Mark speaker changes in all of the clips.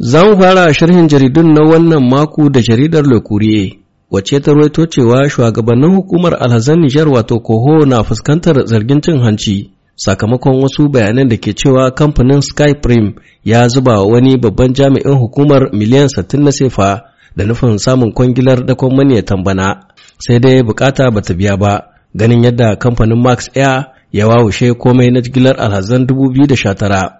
Speaker 1: Za mu fara sharhin jaridun na wannan mako da jaridar Lokuriye, wacce ta rwaito cewa shugabannin hukumar alhazan Nijar wato Koho na fuskantar zargin cin hanci. Sakamakon wasu bayanan da ke cewa kamfanin Skyprim ya zuba wani babban jami'in hukumar miliyan 60 na sefa da nufin samun kwangilar dakon maniyatan bana, sai dai bukata ta biya ba, ganin yadda kamfanin Max Air ya wawushe komai na jigilar alhazan 2019.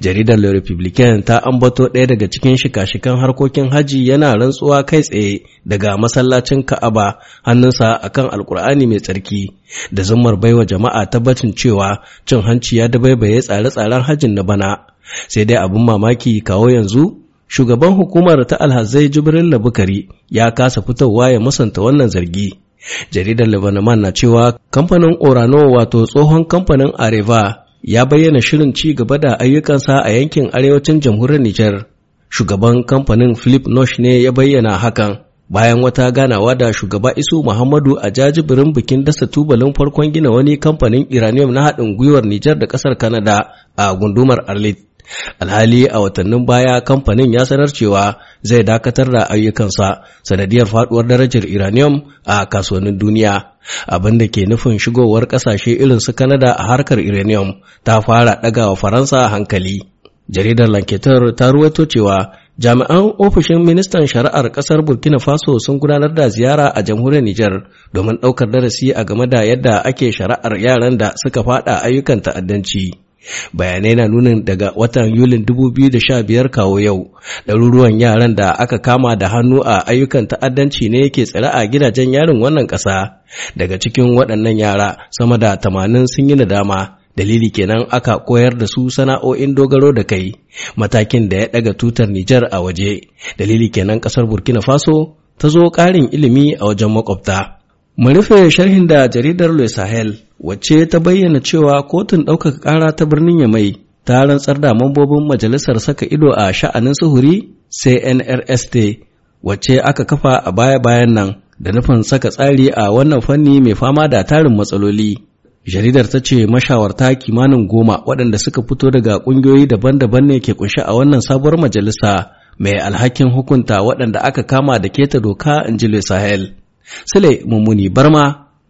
Speaker 1: jaridar le republican ta ambato ɗaya daga cikin shika-shikan harkokin haji yana rantsuwa kai tsaye daga masallacin ka'aba hannunsa akan alkur'ani mai tsarki da zumar baiwa jama'a tabbacin cewa cin hanci ya dabaibaye tsare-tsaren hajin na bana sai dai abin mamaki kawo yanzu shugaban hukumar ta alhazai jibril labukari ya kasa fitowa ya musanta wannan zargi jaridar lebanon na cewa kamfanin orano wato tsohon kamfanin areva ya bayyana shirin ci gaba da ayyukansa a yankin arewacin jamhuriyar Nijar. Shugaban kamfanin Philip Nosh ne ya bayyana hakan bayan wata ganawa da shugaba Isu Muhammadu a jajibirin bikin dasa tubalin farkon gina wani kamfanin Iranium na haɗin gwiwar Nijar da ƙasar Kanada a gundumar Arlit. alhali a watannin baya kamfanin ya sanar cewa zai dakatar da ayyukansa sanadiyar faduwar darajar uranium a kasuwannin duniya abin da ke nufin shigowar ƙasashe irin su kanada a harkar uranium ta fara ɗagawa faransa hankali jaridar lanketar ta ruwaito cewa jami'an ofishin ministan shari'ar ƙasar burkina faso sun gudanar da ziyara a jamhuriyar Nijar domin ɗaukar darasi a game da yadda ake shari'ar yaran da suka faɗa ayyukan ta'addanci bayanai na nunin daga watan yulin 2015 kawo yau ɗaruruwan yaran da aka kama da hannu a ayyukan ta'addanci ne yake tsira a gidajen yarin wannan ƙasa daga cikin waɗannan yara sama da tamanin sun yi nadama dalili kenan aka koyar da su sana'o'in dogaro da kai matakin da ya ɗaga tutar Nijar a waje dalili kenan ƙasar Burkina Faso ta zo ƙarin ilimi a wajen makwabta. Mu rufe sharhin da jaridar le Sahel wacce ta bayyana cewa kotun ɗaukaka ƙara ta birnin Yamai ta rantsar da mambobin majalisar saka ido a sha'anin suhuri CNRST wacce aka kafa a baya-bayan nan da nufin saka tsari a wannan fanni mai fama da tarin matsaloli. Jaridar ta ce mashawarta kimanin goma waɗanda suka fito daga ƙungiyoyi daban-daban ne ke kunshi a wannan sabuwar majalisa mai alhakin hukunta waɗanda aka kama da keta doka in Sahel. Sule Mummuni Barma